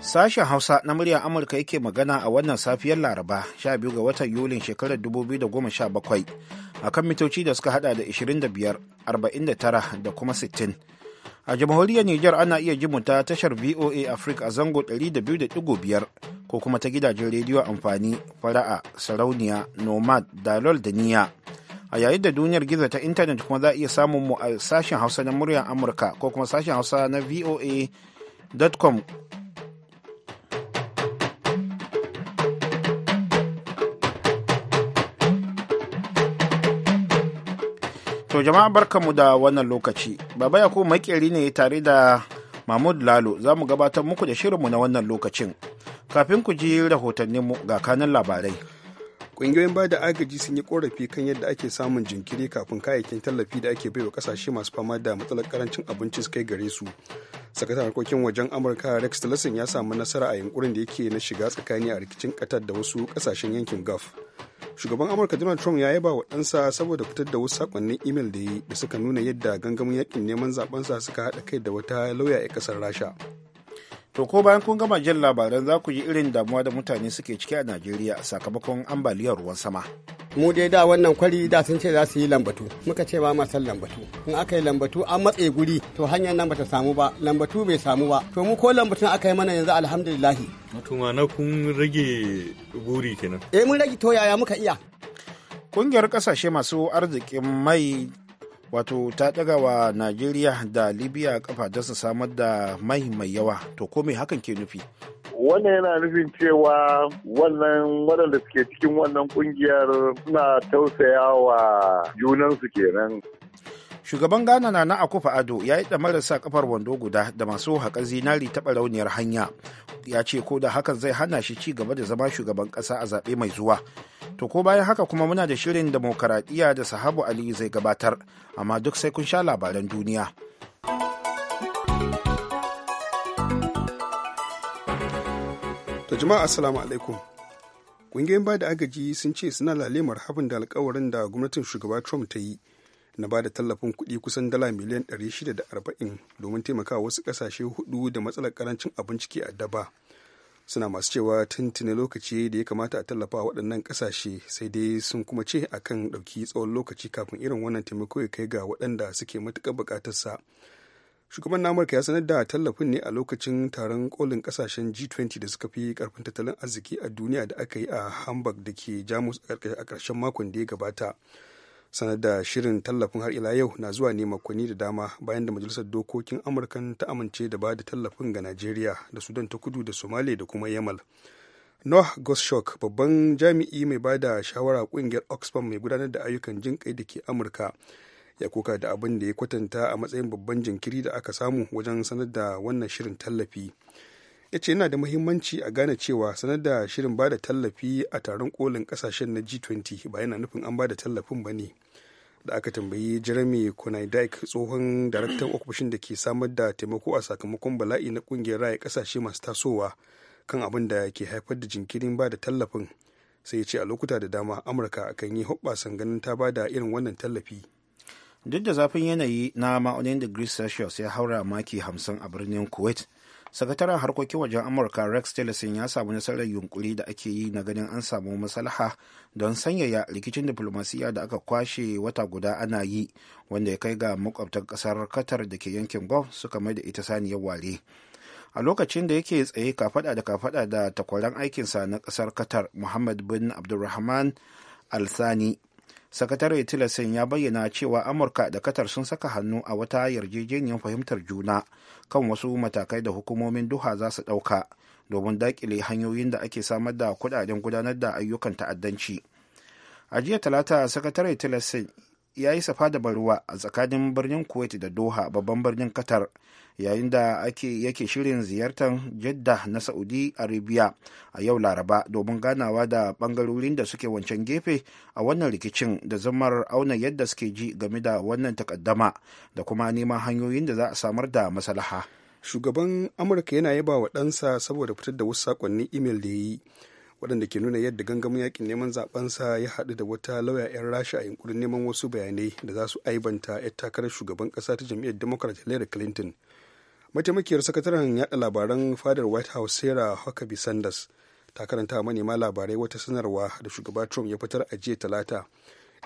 Sashen Hausa na muryar Amurka yake magana a wannan safiyar Laraba 12 ga watan Yulin shekarar 2017 a kan mitoci da suka hada da 25, 49 da kuma 60. A jamhuriyar Nijar ana iya jimu ta tashar VOA Africa a zango 200.5 ko kuma ta gidajen rediyo amfani fara'a sarauniya nomad dalol da niya. a yayin da duniyar gizo ta intanet kuma za a iya samun mu a sashen hausa na muryar amurka ko kuma sashen hausa na voa.com to jama'a mu da wannan lokaci baba yakubu makeri ne tare da mahmud lalo za mu gabatar muku da shirinmu na wannan lokacin kafin ku ji rahotanninmu ga kanan labarai ƙungiyoyin ba da agaji sun yi korafi kan yadda ake samun jinkiri kafin kayayyakin tallafi da ake baiwa kasashe masu fama da matsalar karancin abinci su kai gare su sakatar harkokin wajen amurka rex tillerson ya samu nasara a yunkurin da yake na shiga tsakani a rikicin katar da wasu kasashen yankin gulf shugaban amurka donald trump ya yaba wa ɗansa saboda fitar da wasu sakonnin imel da yi da suka nuna yadda gangamin yakin neman zabensa suka haɗa kai da wata lauya a ƙasar rasha To ko bayan kun gama jin labaran za ku ji irin damuwa da mutane suke ciki a Najeriya sakamakon ambaliyar ruwan sama. Mu dai da wannan kwari da sun ce za su yi lambatu, muka ce ba san lambatu. In aka yi lambatu an matse guri to hanyar nan bata samu ba, lambatu bai samu ba. To mu ko lambatu aka yi mana yanzu alhamdulillahi. Wato na kun rage buri kenan. Eh mun rage to yaya muka iya. Kungiyar kasashe masu arzikin mai wato ta daga wa najeriya da libya kafa da su samar da mai mai yawa to ko me hakan ke nufi wannan yana nufin cewa wannan waɗanda suke cikin wannan kungiyar suna tausaya wa junansu kenan shugaban ghana na akufa ado ya yi damarar sa kafar wando guda da masu haƙar zinari taɓa rauniyar hanya ya ce ko da hakan zai hana shi ci gaba da zama shugaban ƙasa a zaɓe mai zuwa To ko bayan haka kuma muna da shirin demokaradiyya da sahabu Ali zai gabatar, amma duk sai kun sha labaran duniya. ta jama'a assalamu alaikum. Ƙungiyoyin ba agaji sun ce suna lalemar hafin da alkawarin da gwamnatin shugaba Trump ta yi na ba da tallafin kuɗi kusan dala miliyan 640 domin taimakawa wasu ƙasashe hudu da matsalar karancin abinci ke addaba. daba. suna masu cewa tuntuni lokaci da ya kamata a tallafa waɗannan ƙasashe sai dai sun kuma ce kan ɗauki tsawon lokaci kafin irin wannan taimako ya kai ga waɗanda suke matuƙar buƙatarsa shugaban na amurka ya sanar da tallafin ne a lokacin taron kolin ƙasashen g20 da suka fi ƙarfin tattalin arziki a duniya da aka yi a hamburg da ke jamus a ƙarshen makon da ya gabata sanar da shirin tallafin har ila yau na zuwa ne makonni da dama bayan da majalisar dokokin amurkan ta amince da ba da tallafin ga najeriya da sudan ta kudu da somali da kuma yamal noah goshok babban jami'i mai ba da shawara kungiyar oxfam mai gudanar da ayyukan jin kai da ke amurka ya koka da abin da ya kwatanta a matsayin babban jinkiri da aka samu wajen sanar da wannan shirin tallafi ya ce yana da muhimmanci a gane cewa sanar da shirin ba da tallafi a taron kolin kasashen na g20 ba yana nufin an ba da tallafin ba ne da aka tambayi jeremy konaidak tsohon daraktan ofishin da ke samar da taimako a sakamakon bala'i na kungiyar raya kasashe masu tasowa kan abin da ke haifar da jinkirin ba da tallafin sai ya ce a lokuta da dama amurka kan yi hoɓɓasan ganin ta ba da irin wannan tallafi duk da zafin yanayi na ma'aunin digiri celsius ya haura maki 50 a birnin kuwait sakataren harkokin wajen amurka rex tillerson ya samu nasarar yunkuri da ake yi na ganin an samu masalaha don sanyaya rikicin diplomasiya da aka kwashe wata guda ana yi wanda ya kai ga makwabtar kasar qatar da ke yankin gulf suka mai da ita saniyar ware a lokacin da yake tsaye kafada da kafada da takwaran aikinsa na kasar qatar muhammad bin abdulrahman Al alsani sakatare tillerson ya bayyana cewa amurka da katar sun saka hannu a wata yarjejeniyar fahimtar juna kan wasu matakai da hukumomin duha za su ɗauka domin daƙile hanyoyin da ake samar da kuɗaɗen gudanar da ayyukan ta'addanci a jiya talata sakatare tillerson ya yi safa da baruwa a tsakanin birnin kuwait da doha babban birnin katar. yayin da ake yake shirin ziyartar jidda na saudi arabia a yau laraba domin ganawa da bangarorin da suke wancan gefe a wannan rikicin da zamar auna yadda suke ji game da wannan takaddama da kuma neman hanyoyin da za a samar da maslaha shugaban amurka yana yaba wa ɗansa saboda fitar da wasu sakonnin imel da ya yi waɗanda ke nuna yadda gangamin yakin neman zabensa ya haɗu da wata lauya 'yan rasha a yunkurin neman wasu bayanai da za su aibanta 'yan takarar shugaban ƙasa ta jam'iyyar democrat hillary clinton mataimakiyar sakataren yada labaran fadar white house sarah huckabee sanders ta karanta manema labarai wata sanarwa da shugaba trump ya fitar a jiya talata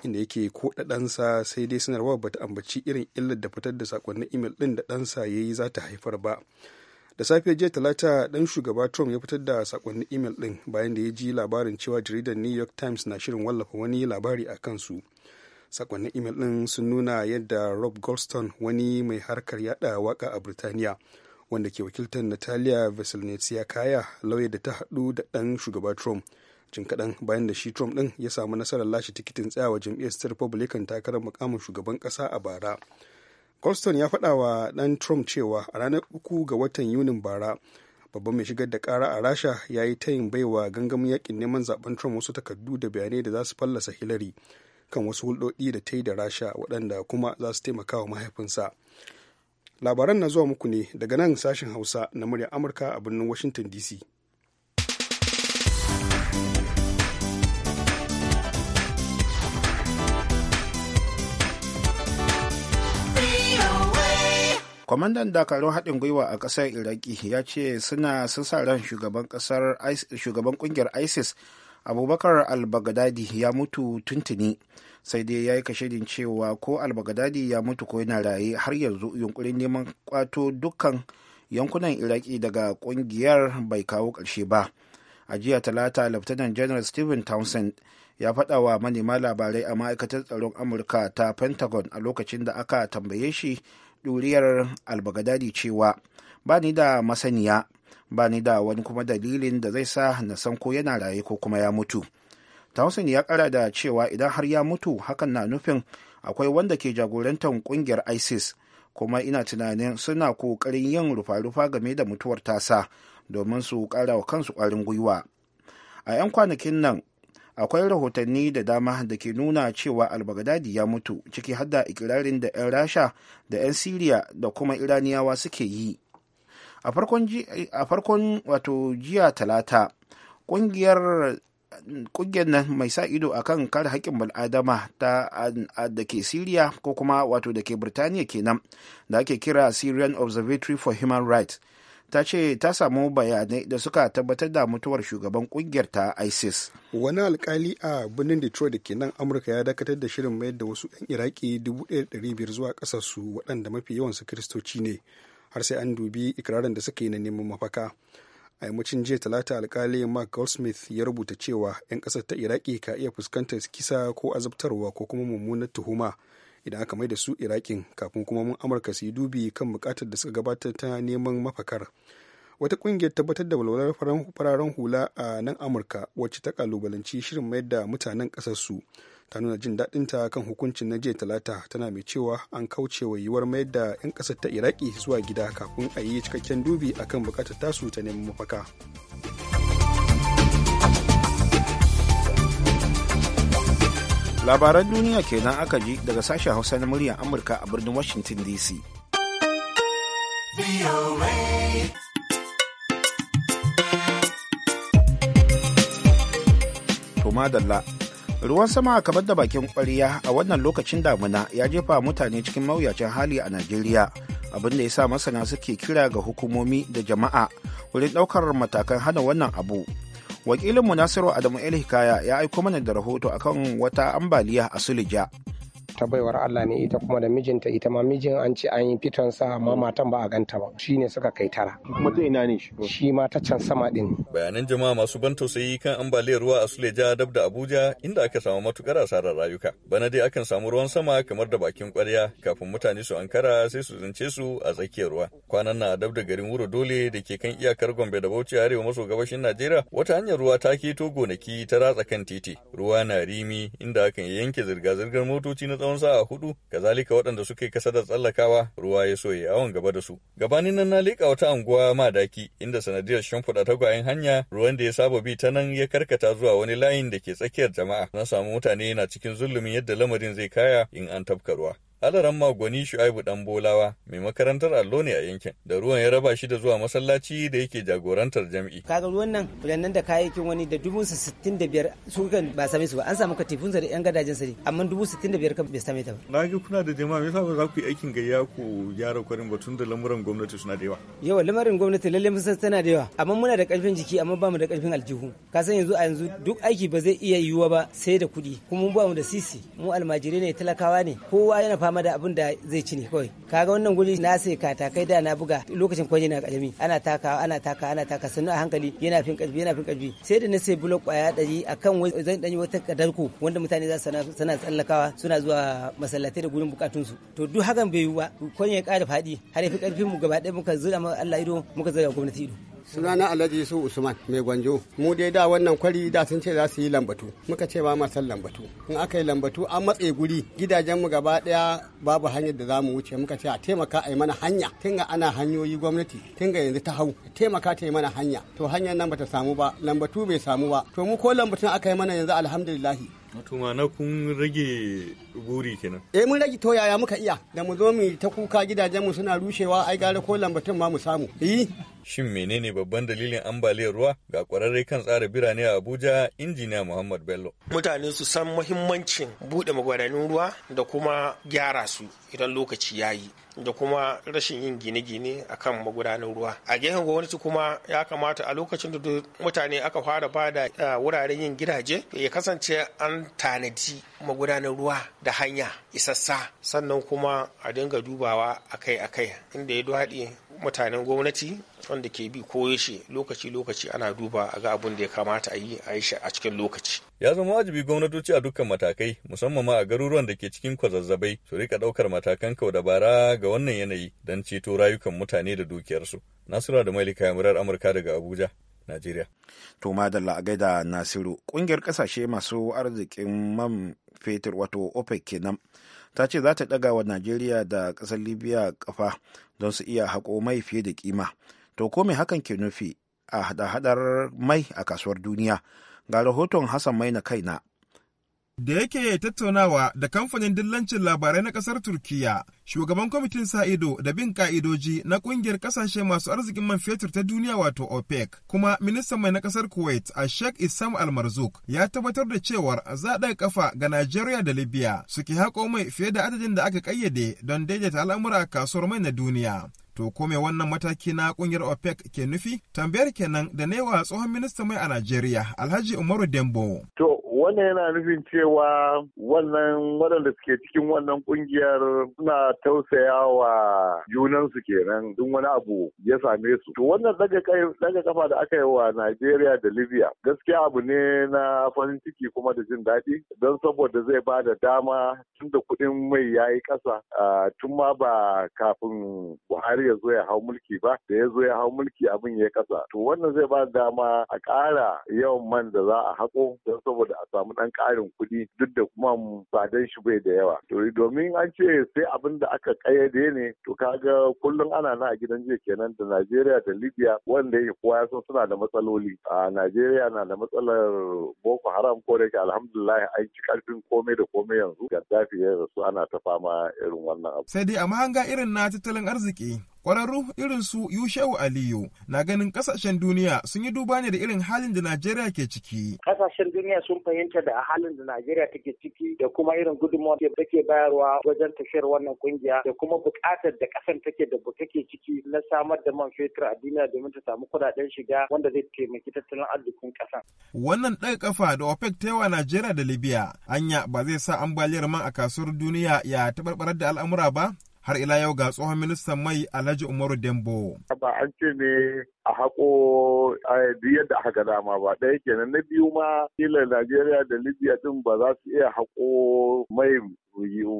inda yake ko da ɗansa sai dai sanarwa bata ambaci irin illar da fitar da sakonnin imel ɗin da ɗansa ya yi za ta haifar ba da safiyar jiya talata ɗan shugaba trump ya fitar da sakonnin imel ɗin bayan da ya ji labarin cewa jaridar new york times na shirin wallafa wani labari a kansu sakonnin imel ɗin sun nuna yadda rob goldstone wani mai harkar yada waka a birtaniya wanda ke wakiltar natalia ya kaya lauya da ta haɗu da ɗan shugaba trump jin kaɗan bayan da shi trump ɗin ya samu nasarar lashe tikitin tsayawa jam'iyyar republican takarar mukamin shugaban ƙasa a bara goldstone ya faɗa wa ɗan trump cewa a ranar uku ga watan yunin bara babban mai shigar da kara a rasha ya yi tayin baiwa gangamin yakin neman zaben trump wasu takardu da bayanai da za su fallasa hillary kan wasu hulɗoɗi da ta yi da rasha waɗanda kuma za su taimaka wa mahaifinsa labaran na zuwa muku ne daga nan sashen hausa na muryar amurka a birnin washington dc kwamandan dakarun haɗin gwiwa a ƙasar iraki ya ce suna sun sa ran shugaban ƙungiyar isis abubakar albagadadi ya mutu tuntuni sai dai ya yi kashedin cewa ko albagadadi ya mutu ko yana raye har yanzu yunkurin neman kwato dukkan yankunan iraki daga kungiyar bai kawo ƙarshe ba a jiya talata lieutenant general stephen townsend ya faɗa wa manema labarai a ma'aikatar tsaron amurka ta pentagon a lokacin da aka tambaye shi ɗuriyar albagadadi cewa ba ni da masaniya ba ni da wani kuma dalilin da zai sa na san ko yana raye ko kuma ya mutu tausin ya kara da cewa idan har ya mutu hakan na nufin akwai wanda ke jagorantar kungiyar isis kuma ina tunanin suna kokarin yin rufa-rufa game da mutuwar tasa domin su kara wa kansu kwarin gwiwa a 'yan kwanakin nan akwai rahotanni da dama da ke nuna cewa albagadadi ya mutu ciki da ikirarin da 'yan rasha da 'yan siriya da kuma iraniyawa suke yi a farkon wato jiya talata ƙungiyar kungiyar nan mai sa ido akan kare haƙƙin bal'adama ta da ke siriya ko kuma wato da ke birtaniya kenan da ake kira syrian observatory for human rights ta ce ta samu bayanai da suka tabbatar da mutuwar shugaban kungiyar ta isis wani alkali a birnin detroit da ke nan amurka ya dakatar da shirin mayar da wasu 'yan iraki 1500 zuwa kasarsu waɗanda mafi yawansu kristoci ne har sai an dubi ikirarin da suka yi na neman mafaka a yammacin jiya talata alkali mark goldsmith ya rubuta cewa 'yan kasar ta iraki ka iya fuskantar kisa ko azabtarwa ko kuma mummunar tuhuma idan aka mai da su irakin kafin kuma mun amurka su yi dubi kan bukatar da suka gabatar ta neman mafakar wata kungiyar tabbatar da walwalar fararen hula a nan amurka wacce ta kalubalanci shirin mayar da mutanen kasar su ta nuna jin daɗinta kan hukuncin na jiya talata tana mai cewa an kauce wa yiwuwar mayar da 'yan ƙasar ta iraki zuwa gida kafin a yi cikakken dubi akan bukatar tasu ta neman mafaka labaran duniya kenan aka ji daga sashen hausa na muryar amurka a birnin washington dc to madalla ruwan sama kamar da bakin kwariya a wannan lokacin damuna ya jefa mutane cikin mawuyacin hali a najeriya abin da ya sa masana suke kira ga hukumomi da jama'a wurin ɗaukar matakan hana wannan abu wakilinmu nasiru adamu el hikaya ya aiko mana da rahoto akan wata ambaliya a sulija ta baiwar Allah ne ita kuma da mijinta ita ma mijin an ce an yi fiton sa amma matan ba a ganta ba Shi ne suka kai tara kuma ta ina ne shi shi ma ta can sama din bayanan jama'a masu ban tausayi kan ambaliyar ruwa a Suleja dab da Abuja inda aka samu matukar asarar rayuka bana dai akan samu ruwan sama kamar da bakin kwarya kafin mutane su ankara sai su zance su a tsakiyar ruwa kwanan na dab da garin Wuro Dole da ke kan iyakar Gombe da Bauchi arewa maso gabashin Najeriya wata hanyar ruwa ta keto gonaki ta ratsa kan titi ruwa na rimi inda akan yanke zirga-zirgar motoci na tsawon sa'a hudu kazalika waɗanda suka kasa da tsallakawa ruwa ya soye awon gaba da su gabanin nan na leƙa wata anguwa madaki inda sanadiyar shimfiɗa tagwayen hanya ruwan da ya saba bi ta nan ya karkata zuwa wani layin da ke tsakiyar jama'a na samu mutane na cikin zulumin yadda lamarin zai kaya in an tafka ruwa Alaran magwani Shu'aibu dan Bolawa mai makarantar allo ne a yankin da ruwan ya raba shi da zuwa masallaci da yake jagorantar jam'i. Kaga ruwan nan furannan da kayayyakin wani da dubu sittin da biyar su kan ba same su ba an samu katifunsa da yan gadajen sa ne amma dubu sittin da biyar kan bai same ta ba. Na ga kuna da jama'a me yasa ba za ku yi aikin gayya ku gyara kwarin batun da lamuran gwamnati suna da yawa. Yawa lamarin gwamnati lalle mun san tana da yawa amma muna da karfin jiki amma ba mu da karfin aljihu. Ka san yanzu a yanzu duk aiki ba zai iya yiwuwa ba sai da kuɗi kuma mu ba mu da sisi mu almajirai ne talakawa ne kowa yana fama ma da abin da zai ci ne kawai kaga wannan guri na sai katakai da na buga lokacin kwanye na karami ana taka ana taka ana taka sannu a hankali yana fin karfi yana fin karfi sai da na sai bulok kwaya dari akan wai zan danyi wata kadarku wanda mutane za su sana tsallakawa suna zuwa masallatai da gurin bukatun su to duk hakan bai yi ba kwanye ya kara fadi har ya fi karfin mu gaba ɗaya muka zura Allah ido muka zura gwamnati ido sunana alhaji su usman mai gwanjo mu dai da wannan kwari da sun ce za su yi lambatu muka ce ba ma san lambatu in aka yi lambatu an matse guri gidajen mu gaba daya babu hanyar da za mu wuce muka ce a taimaka a yi mana hanya ga ana hanyoyi gwamnati ga yanzu ta hau taimaka ta yi mana hanya to hanyar nan bata samu ba lambatu bai samu ba to mu ko lambatun aka yi mana yanzu alhamdulillahi wato ma'ana kun rage buri kenan eh mun rage to yaya muka iya da mu zo mu ta kuka gidajenmu suna rushewa ai gare ko lambatun ma mu samu eh Shin menene babban dalilin ambaliyar ruwa ga kwararre kan tsara birane a Abuja injiniya Muhammad Bello. Mutane su san muhimmancin buɗe magudanan ruwa da kuma gyara su idan lokaci ya yi da kuma rashin yin gine-gine a kan magudanin ruwa. A gefen gwamnati kuma ya kamata a lokacin da mutane aka fara bada wuraren yin gidaje ya kasance an tanadi magudanin ruwa da hanya isassa sannan kuma a dinga dubawa akai-akai inda ya daɗe mutanen gwamnati wanda ke bi koyaushe lokaci-lokaci ana duba a ga abun da ya kamata a yi a yi a cikin lokaci. Ya zama wajibi gwamnatoci a dukkan matakai musamman ma a garuruwan da ke cikin kwazazzabai su rika daukar matakan kau dabara ga wannan yanayi don ceto rayukan mutane da dukiyarsu. Nasura da Malika Yamurar Amurka daga Abuja. Najeriya. To madalla a gaida Nasiru, kungiyar kasashe masu arzikin man fetur wato OPEC kenan ta ce za ta ɗaga wa Najeriya da ƙasar Libya kafa. don su iya haƙo mai fiye da kima to ko mai hakan ke nufi a hada-hadar mai a kasuwar duniya ga rahoton hassan mai na kai na. da yake tattaunawa da kamfanin dillancin labarai na kasar turkiya shugaban kwamitin sa ido da bin ka'idoji na kungiyar kasashe masu arzikin man fetur ta duniya wato OPEC kuma ministan mai na kasar Kuwait a Sheikh isam almarzuk ya tabbatar da cewar za a kafa ga nigeria da Libya suke haƙo mai fiye da adadin da aka kayyade don daidaita al'amura a kasuwar mai na duniya. To ko wannan mataki na kungiyar OPEC ke nufi? Tambayar kenan da newa tsohon ministan mai a nigeria Alhaji Umaru Dembo. To wannan yana nufin cewa wannan waɗanda suke cikin wannan kungiyar suna tausaya wa junansu kenan duk wani abu ya same su to wannan daga kafa da aka yi wa Najeriya da Libya gaskiya abu ne na farin ciki kuma da jin daɗi don saboda zai ba da dama tun da kuɗin mai ya yi ƙasa tun ma ba kafin Buhari ya zo ya hau mulki ba da ya zo ya hau mulki abin ya ƙasa to wannan zai ba da dama a ƙara yawan man da za a haƙo don saboda a samu ɗan ƙarin kuɗi duk da kuma tsadan shi bai da yawa to domin an ce sai abin da aka kayyade ne to kaga kullum ana na a gidan jiya kenan da Najeriya da Libya wanda yake kowa ya san suna da matsaloli a Najeriya na da matsalar Boko Haram ko da yake alhamdulillah an ci karfin komai da komai yanzu Gaddafi ya rasu ana ta fama irin wannan abu sai dai a mahanga irin na tattalin arziki Kwararru irin su Yushewu Aliyu na ganin kasashen duniya sun yi duba ne da irin halin da Najeriya ke ciki. Kasashen duniya sun fahimta da halin da Najeriya take ciki da kuma irin gudunmawar da take bayarwa wajen tafiyar wannan kungiya da kuma buƙatar da ƙasar take da take ciki na samar da man fetur a duniya domin ta samu kudaden shiga wanda zai taimaki tattalin arzikin ƙasa Wannan ɗaya kafa da OPEC ta yawa Najeriya da Libya anya ba zai sa ambaliyar man a kasuwar duniya ya taɓarɓarar da al'amura ba? Har ila yau ga tsohon ministan mai Alhaji Umaru Dembo. Ba an ce ne a haƙo a yadda aka dama ba ɗaya kenan na biyu ma kila najeriya da libya din ba za su iya haƙo mai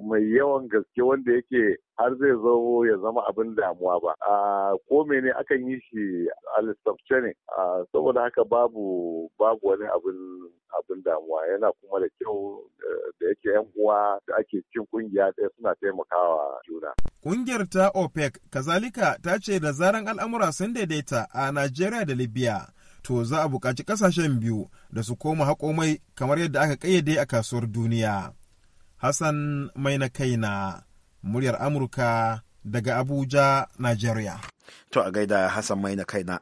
mai yawan gaske wanda yake har zai zo ya zama abin damuwa ba a ko mene akan yi shi a lissafce ne saboda haka babu babu wani abin abin damuwa yana kuma da kyau da yake yan uwa da ake cikin kungiya ɗaya suna taimakawa juna kungiyar ta opec kazalika ta ce da zaran al'amura sun daidaita a Najeriya da Libya. To za a buƙaci ƙasashen biyu da su koma haƙo mai kamar yadda aka ƙayyade a kasuwar duniya. Hassan mai na kaina, muryar Amurka daga Abuja, Najeriya. To a gaida Hassan mai na kaina.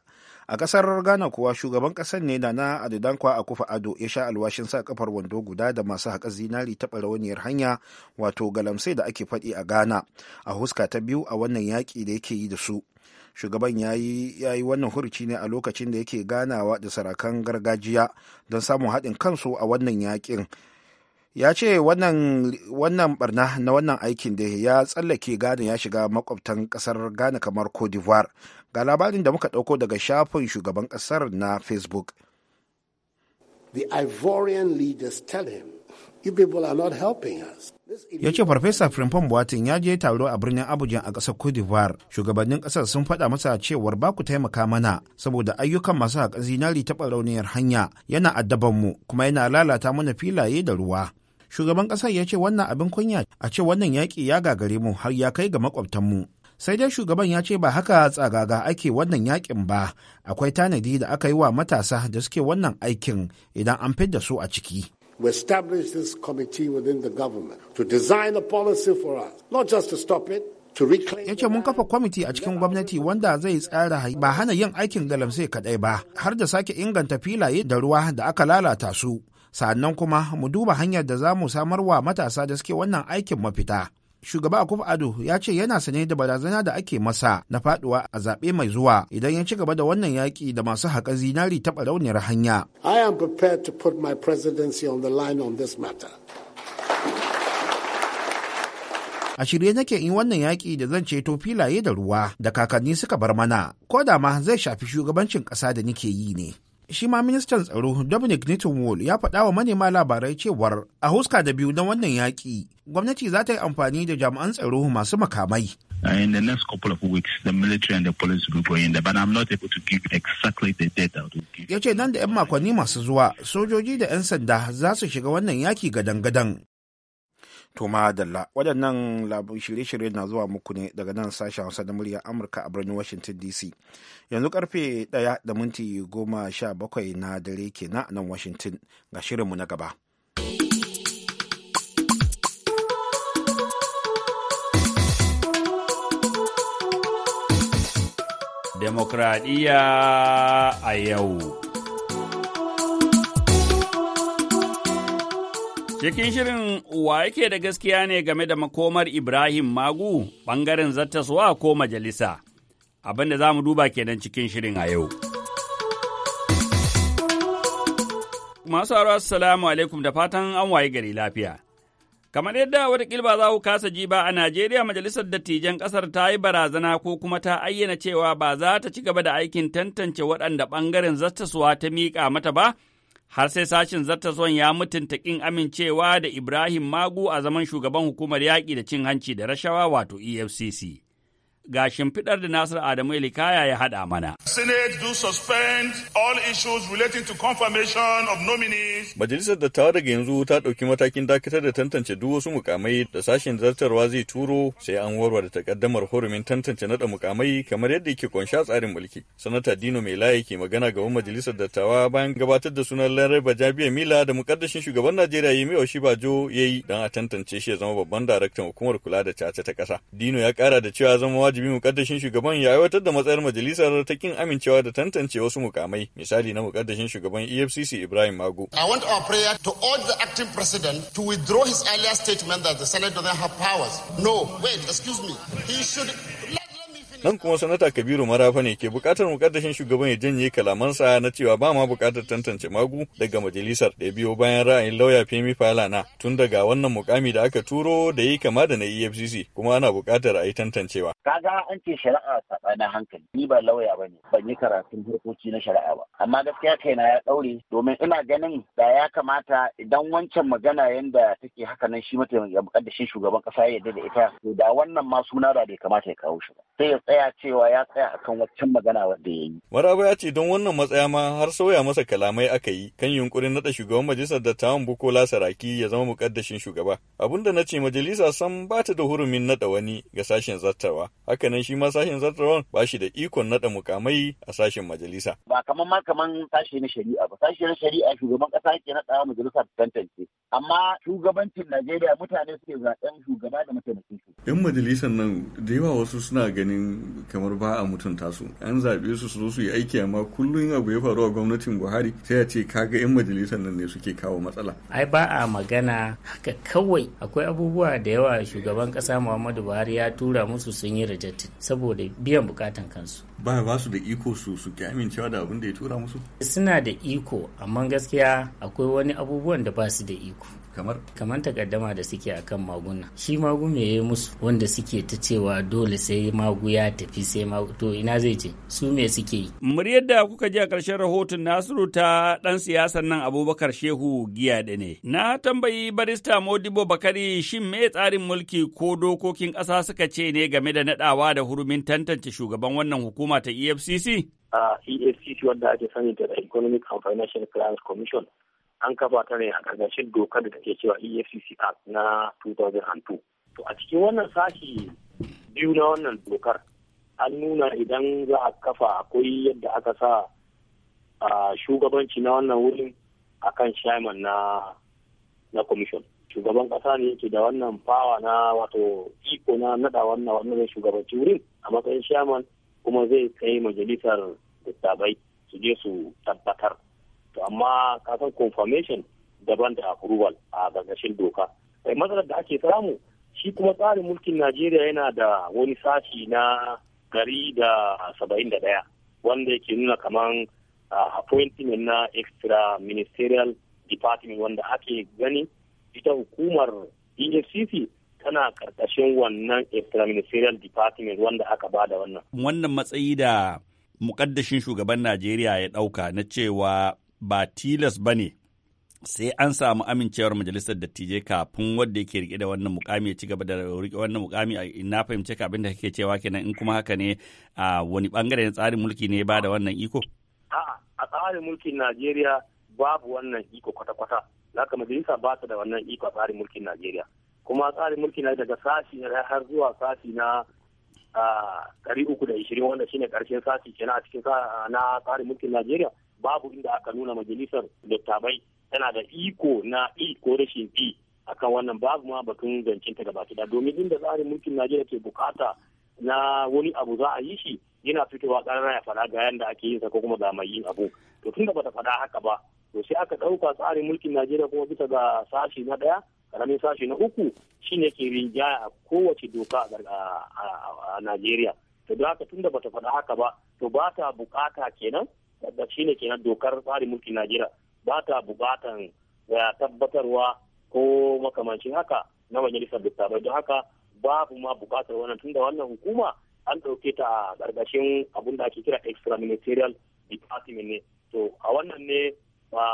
a kasar ghana kuwa shugaban kasar ne na adudankwa a kufa ado ya sha alwashin sa kafar wando guda da masu haƙar zinari ta rawaniyar hanya wato galamsai da ake faɗi a ghana a huska ta biyu a wannan yaƙi da yake yi da su shugaban ya yi wannan hurci ne a lokacin da yake ganawa da sarakan gargajiya don samun haɗin kansu a wannan yakin ya ce wannan barna na wannan aikin da ya tsallake ghana ya shiga makwabtan kasar ghana kamar cote d'ivoire ga labarin da muka ɗauko daga shafin shugaban kasar na facebook the ivorian leaders tell him ya ce farfesa frimpon buatin ya je taro a birnin abuja a ƙasar cote d'ivoire shugabannin ƙasar sun faɗa masa cewar ba ku taimaka mana saboda ayyukan masu haƙa zinari ta ɓarauniyar hanya yana addaban mu kuma yana lalata mana filaye da ruwa shugaban ƙasar ya ce wannan abin kunya a ce wannan yaƙi ya gagare mu har ya kai ga mu sai dai shugaban ya ce ba haka tsagaga ake wannan yaƙin ba akwai tanadi da aka yi wa matasa da suke wannan aikin idan an fidda su a ciki We established this committee within the government to design a policy for us, not just to stop it, ya ce mun kafa kwamiti a cikin gwamnati wanda zai tsara ba hana yin aikin galamsai kaɗai ba har da sake inganta filaye da ruwa da aka lalata su sannan kuma mu duba hanyar da za mu samar wa matasa da suke wannan aikin mafita shugaba akuf ado ya ce yana sane da barazana da ake masa na faduwa a zaɓe mai zuwa idan ya ci gaba da wannan yaƙi da masu haƙa zinari ta barauniyar hanya i am to put my presidency on this matter a shirye nake in wannan yaƙi da zan ceto filaye da ruwa da kakanni suka bar mana ko da ma zai shafi shugabancin ƙasa da nake yi ne shi ma ministan tsaro dominic newton wall ya faɗa wa manema labarai cewar a huska da biyu na wannan yaƙi gwamnati za ta yi amfani da jami'an tsaro masu makamai uh, in the next couple of police will go Ya ce nan da 'yan makonni masu zuwa, sojoji da 'yan sanda za su shiga wannan yaki gadan-gadan. To Dalla, waɗannan shirye-shirye na zuwa muku ne daga nan sashen Hausa da muryar Amurka a birnin Washington DC. Yanzu karfe ɗaya da minti goma sha bakwai na dare ke na nan Washington ga shirinmu na gaba. Demokradiyya a yau. Cikin shirin wa yake da gaskiya ne game da makomar Ibrahim Magu ɓangaren zattaswa ko majalisa. Abin da za mu duba kenan cikin shirin a yau. Masu haro assalamu alaikum da fatan an waye gari lafiya. Kamar yadda watakil ba za ku kasa ji ba a Najeriya majalisar dattijan ƙasar ta yi barazana ko kuma ta ayyana cewa ba za ta ci gaba da aikin tantance waɗanda ɓangaren zattaswa ta miƙa mata ba, har sai sashin zartason ya mutunta ƙin amincewa da Ibrahim Magu a zaman shugaban hukumar yaƙi da cin hanci da rashawa wato EFCC. ga shimfiɗar da Nasir Adamu likaya ya haɗa mana. Senate do suspend all issues relating to confirmation of nominees. Majalisar dattawa daga yanzu ta ɗauki matakin dakatar da tantance duk wasu mukamai da sashen zartarwa zai turo sai an warware takaddamar hurumin tantance naɗa mukamai kamar yadda yake kunsha tsarin mulki. Sanata Dino Mela ke magana gaban majalisar dattawa bayan gabatar da sunan Laraba Bajabiya Mila da mukaddashin shugaban Najeriya Yemi Oshibajo ya yi don a tantance shi ya zama babban daraktan hukumar kula da caca ta ƙasa. Dino ya ƙara da cewa zama wajibi wajibi mukaddashin shugaban ya aiwatar da matsayar majalisar ta kin amincewa da tantance wasu mukamai misali na mukaddashin shugaban EFCC Ibrahim Mago. I want our prayer to urge the acting president to withdraw his earlier statement that the Senate doesn't have powers. No, wait, excuse me. He should nan kuma sanata kabiru marafa ne ke bukatar mukaddashin shugaban ya janye kalamansa na cewa ba ma bukatar tantance magu daga majalisar da biyo bayan ra'ayin lauya femi falana tun daga wannan mukami da aka turo da yi kama da na efcc kuma ana bukatar a yi tantancewa kaga an ce shari'a na hankali ni ba lauya ba ne ban yi karatun harkoki na shari'a ba amma gaskiya kaina ya daure domin ina ganin da ya kamata idan wancan magana yanda take haka nan shi mataimakin mukaddashin shugaban ƙasa ya yadda da ita to da wannan ma suna da bai kamata ya kawo shi ba sai ya tsaya cewa ya tsaya a kan waccan magana wanda ya yi. Maraba ya ce don wannan matsaya ma har sauya masa kalamai aka yi kan yunkurin naɗa shugaban majalisar da dattawan Bukola Saraki ya zama mukaddashin shugaba. Abin da na ce majalisa san ba ta da hurumin naɗa wani ga sashen zartarwa. Hakanan shi ma sashen zartarwan ba shi da ikon naɗa mukamai a sashen majalisa. Ba kamar ma kamar sashe na shari'a ba. Sashe na shari'a shugaban ƙasa ke naɗa majalisa ta tantance. Amma shugabancin Najeriya mutane suke zaɓen shugaba da mataimakin shugaba. 'yan majalisar nan da yawa wasu suna ganin kamar ba a mutunta su an zaɓe su su zo su yi aiki amma kullum abu ya faru a gwamnatin buhari sai a ce kaga 'yan majalisar nan ne suke kawo matsala ai ba a magana haka kawai akwai abubuwa da yawa shugaban ƙasa muhammadu buhari ya tura musu sun yi rejected saboda biyan bukatan kansu ba ba su da iko su su ki amincewa da abin da ya tura musu suna da iko amma gaskiya akwai wani abubuwan da ba su da iko kamar kamar takaddama da suke a kan maguna shi magu me yayi musu wanda suke ta cewa dole sai magu ya tafi sai magu to ina zai ce su me suke yi muryar da kuka ji a ƙarshen rahoton Nasiru ta ɗan siyasar nan Abubakar Shehu giya da ne na tambayi barista Modibo Bakari shin me tsarin mulki ko dokokin ƙasa suka ce ne game da nadawa da hurumin tantance shugaban wannan hukuma ta EFCC a EFCC wanda ake sani da Economic and Financial Crimes Commission an kafa ta ne a ƙarƙashin dokar da take cewa efcc act na 2002 to a cikin wannan sashi biyu na wannan dokar an nuna idan za a kafa akwai yadda aka sa shugabanci na wannan wurin akan shaiman na na commission shugaban ƙasa ne yake da wannan fawa na wato iko na nada wannan wannan shugabanci wurin a matsayin shaman kuma zai kai majalisar dattabai su je su tabbatar amma kasan confirmation daban da approval a gargashin doka eh, matsalar da ake samu shi kuma tsarin mulkin najeriya yana da wani sashi na gari da saba'in da daya wanda yake nuna kaman appointment na extra ministerial department wanda ake gani ita hukumar efcc tana karkashin wannan extra ministerial department wanda aka ba da wannan wannan matsayi da mukaddashin shugaban najeriya ya ɗauka na cewa ba tilas ba ne sai an samu amincewar majalisar dattijai kafin wadda yake rike da wannan mukami ya ci gaba da rike wannan mukami na fahimce ka abin da kake cewa kenan in kuma haka ne a wani bangare na tsarin mulki ne ba da wannan iko a'a a tsarin mulkin Najeriya babu wannan iko kwata-kwata laka majalisa ba ta da wannan iko a tsarin mulkin Najeriya kuma tsarin mulkin na daga sashi har zuwa sashi na ɗari uku da ishirin wanda shine ƙarshen sashi kenan a cikin na tsarin mulkin Najeriya babu inda aka nuna majalisar littabai tana da iko na i ko rashin i akan wannan babu ma batun zancen ta gabata. da domin inda tsarin mulkin najeriya ke bukata na wani abu za a yi shi yana fitowa ƙarara ya faɗa ga yanda ake yin sa ko kuma ga mai yin abu to tunda bata faɗa haka ba to sai aka ɗauka tsarin mulkin najeriya kuma bisa ga sashi na ɗaya karamin sashi na uku shine ke rinjaya a kowace doka a najeriya to da haka tunda bata faɗa haka ba to bata ta bukata kenan da shi ke kenan dokar tsarin mulkin najeriya ba ta bukatan ya eh, tabbatarwa ko makamancin haka na majalisar dattabai don haka babu ma bukatar wannan tunda wannan hukuma an ɗauke ta a ƙarƙashin abin da ake kira extra ministerial department ne to a wannan ne ba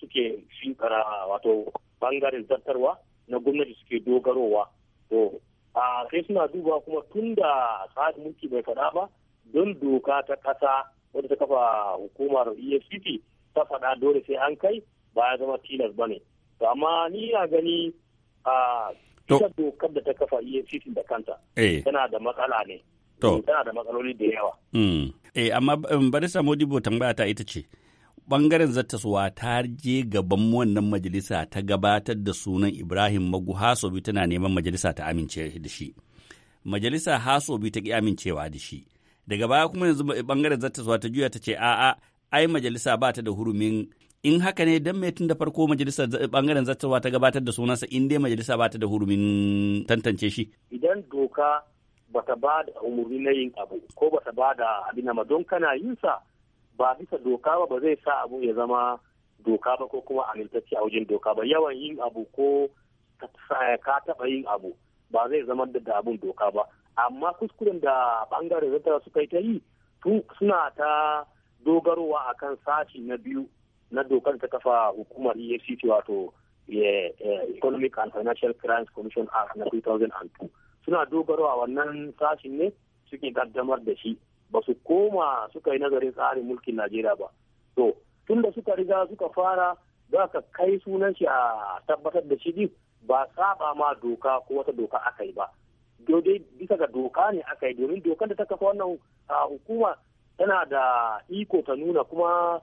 suke shinkara wato bangaren zartarwa na gwamnati suke dogarowa to a sai suna duba kuma tun da tsarin mulki bai faɗa ba don doka ta ƙasa wadda ta kafa hukumar efcc ta faɗa dole sai an kai ba ya zama tilas ba ne to amma ni ya gani a ita dokar da ta kafa efcc da kanta eh. tana da matsala ne mm, tana da matsaloli da yawa mm. eh amma um, bari samu dibo tambaya ta ita ce bangaren zattasuwa ta je gaban wannan majalisa ta gabatar da sunan Ibrahim Magu Hasobi tana neman majalisa ta amince da shi. Majalisa Hasobi ta ki amincewa da shi. daga baya kuma yanzu bangaren zuwa ta juya ta ce a'a ai majalisa ba ta da hurumin in haka ne dan mai tun da farko majalisa bangaren zartaswa ta gabatar da sunansa in dai majalisa ba ta da hurumin tantance shi idan doka bata ba da umarni na yin abu ko bata ba da abin ma don kana yin sa ba bisa doka ba ba zai sa abu ya zama doka ba ko kuma amintacce a wajen doka ba yawan yin abu ko ka taɓa yin abu ba zai zama da abun doka ba amma kuskuren da bangaren zartara suka yi ta yi suna ta dogarowa a kan sashi na biyu na dokar ta kafa hukumar efcc wato eh, eh, economic and financial crimes commission act na 2002 suna dogarowa wannan sashin ne suke kaddamar da shi ba su koma suka yi nazarin tsarin mulkin najeriya ba to tun da suka riga suka fara za ka kai sunan shi a tabbatar da shi ba saba ma doka ko wata doka aka yi ba daidai bisa ga doka ne aka yi domin dokan da ta kafa wannan hukuma tana da iko ta nuna kuma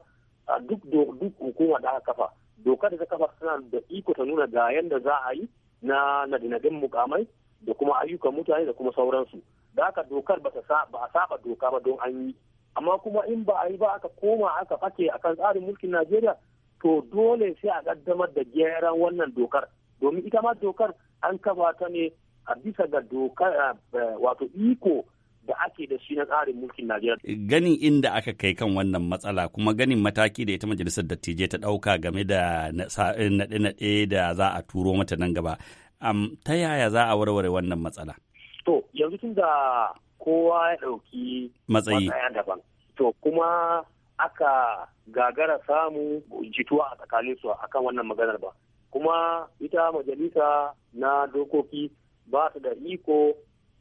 duk duk hukuma da aka kafa doka da ta kafa tana da iko ta nuna ga yadda za a yi na nadinadin mukamai da kuma ayyukan mutane da kuma sauransu da haka dokar ba a saba doka ba don an yi amma kuma in ba a yi ba aka koma aka fake akan tsarin mulkin najeriya to dole sai a kaddamar da gyaran wannan dokar domin ita ma dokar an kafa ta ne a bisa ga doka wato iko da ake da shi na tsarin mulkin Najeriya. Ganin inda aka kai kan wannan matsala kuma ganin mataki da ita majalisar dattijai ta ɗauka game da eh, naɗe-naɗe da za a turo mata nan gaba. ta yaya za a warware wannan matsala? To, yanzu tun da kowa ya ɗauki matsayi daban. To, kuma aka gagara samu jituwa a tsakaninsu akan wannan maganar ba. Kuma ita majalisa na dokoki ba su da iko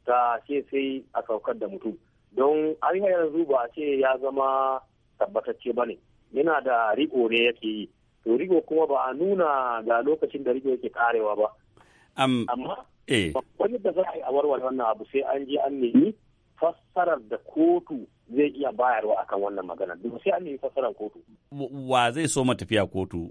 ta ce sai a saukar da mutum don har yanzu ba ce ya zama tabbatacce ba ne yana da riko ne yake yi to riko kuma ba a nuna ga lokacin da riko yake karewa ba amma eh. wani da za a yi a warware wannan abu sai an je an nemi fassarar da kotu zai iya bayarwa akan wannan magana duk sai an yi fasaran kotu wa zai so tafiya kotu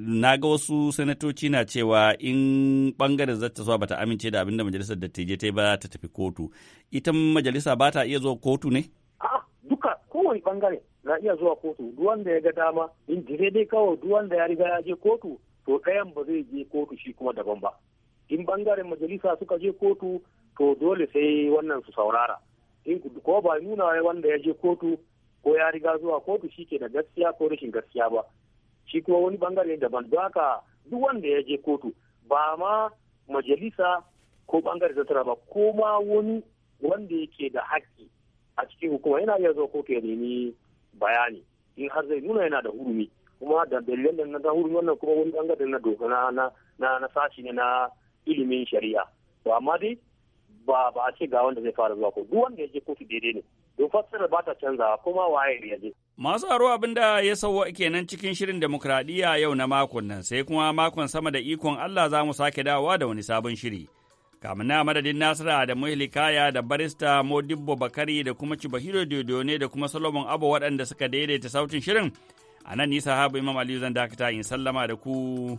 na ga wasu sanatoci na cewa in bangaren ba bata amince da abinda majalisar dattijai ta ba ta tafi kotu ita majalisa ba ta iya zuwa kotu ne a'a duka kowane bangare na iya zuwa kotu duwan da ya ga dama in jire dai kawai duwanda ya riga ya je kotu to ɗayan ba zai je kotu shi kuma daban ba in bangaren majalisa suka je kotu to dole sai wannan su saurara in ko ba nuna wanda ya je kotu ko ya riga zuwa kotu shi ke da gaskiya ko rashin gaskiya ba shi kuma wani bangare daban don haka duk wanda ya je kotu ba ma majalisa ko bangare tattara ba ko ma wani wanda yake da haƙƙi a cikin hukuma yana iya zuwa kotu ya nemi bayani in har zai nuna yana da hurumi kuma da dalilan da na hurumi wannan kuma wani bangare na doka na na na sashi ne na ilimin shari'a to amma dai ba ba a ce ga wanda zai fara zuwa ko duk wanda ya je kotu daidai ne don fassara ba ta canzawa kuma waye ya je Masu aro abin da ya sauwa kenan cikin shirin demokradiyya yau na makon nan sai kuma makon sama da ikon Allah za mu sake dawowa da wani sabon shiri. Kamun na madadin Nasira da kaya da Barista Modibbo Bakari da kuma Cibahiro ne da kuma Solomon Abu, waɗanda suka daidaita sautin shirin. A nan nisa habu Imam Aliyu zan dakata in sallama da ku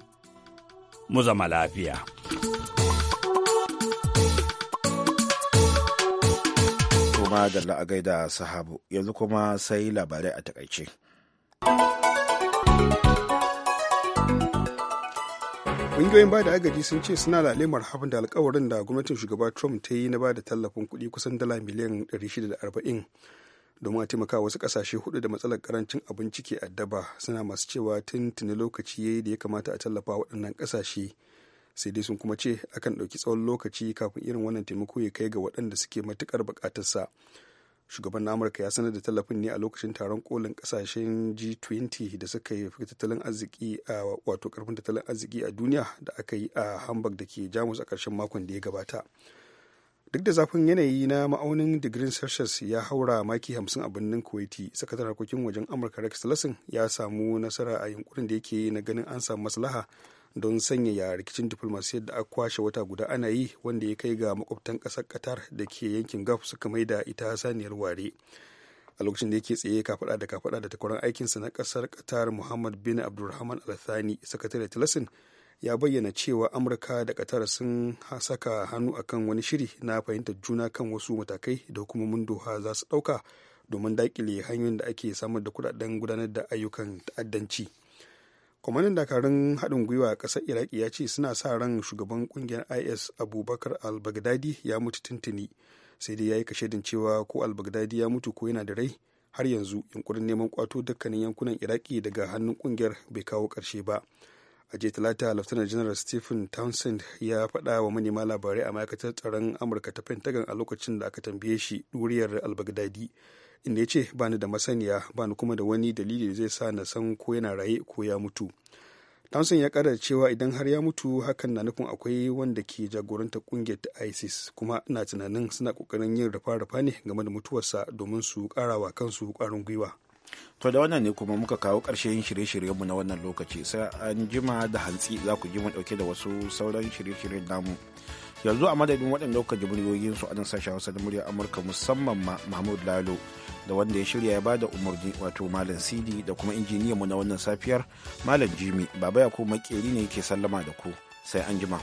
mu zama lafiya. kuma da la'agai da sahabu yanzu kuma sai labarai a takaice ƙungiyoyin bada agaji sun ce suna lalemar hafin da alkawarin da gwamnatin shugaba trump ta yi na bada tallafin kuɗi kusan dala miliyan 640 domin a taimaka wasu ƙasashe hudu da matsalar karancin abinci ke addaba suna masu cewa tuntuni lokaci ya yi da ya kamata a tallafa waɗannan ƙasashe. sai dai sun kuma ce akan ɗauki tsawon lokaci kafin irin wannan taimako ya kai ga waɗanda suke matuƙar buƙatarsa shugaban na amurka ya sanar da tallafin ne a lokacin taron kolin kasashen g20 da suka yi tattalin arziki a wato karfin tattalin arziki a duniya da aka yi a hamburg da ke jamus a ƙarshen makon da ya gabata duk da zafin yanayi na ma'aunin digirin celsius ya haura maki 50 a birnin kuwaiti sakatar harkokin wajen amurka rex tillerson ya samu nasara a yunkurin da yake na ganin an samu maslaha don sanyaya rikicin diflomasiyar da aka kwashe wata guda ana yi wanda ya kai ga makwabtan ƙasar qatar da ke yankin gaf suka mai da ita saniyar ware a lokacin da yake tsaye kafaɗa da kafaɗa da takwaran aikinsa na ƙasar qatar muhammad bin abdulrahman al-thani sakatare tilasin ya bayyana cewa amurka da qatar sun saka hannu akan wani shiri na fahimtar juna kan wasu matakai da hukumomin doha za su ɗauka domin daƙile hanyoyin da ake samar da kudaden gudanar da ayyukan ta'addanci. kwamanin dakarun haɗin gwiwa ƙasar iraki ya ce suna sa ran shugaban ƙungiyar is abubakar al-baghdadi ya mutu tuntuni sai dai ya yi kashedin cewa ko al-baghdadi ya mutu ko yana da rai har yanzu yunkurin neman kwato dukkanin yankunan iraki daga hannun ƙungiyar bai kawo ƙarshe ba a jiya talata lieutenant general stephen townsend ya faɗa wa manema labarai a ma'aikatar tsaron amurka ta pentagon a lokacin da aka tambaye shi ɗuriyar al-baghdadi inda ya ce ba ni da masaniya ba ni kuma da wani dalili da zai sa na san ko yana raye ko ya mutu Thompson ya kara cewa idan har ya mutu hakan na nufin akwai wanda ke jagoranta kungiyar ta ISIS kuma na tunanin suna kokarin yin rafa-rafa ne game da mutuwarsa domin su karawa kansu kwarin gwiwa. To da wannan ne kuma muka kawo ƙarshen shirye-shiryenmu na wannan lokaci sai an jima da hantsi za ku ji mu ɗauke da wasu sauran shirye-shiryen namu. yanzu a madadin waɗanda kuka ji muryoyin su a nan sashen hausa da muryar amurka musamman ma mahmud lalo da wanda ya shirya ya bada umarni wato malam sidi da kuma mu na wannan safiyar malam jimi baba ya ko makeri ne yake sallama da ku sai an jima.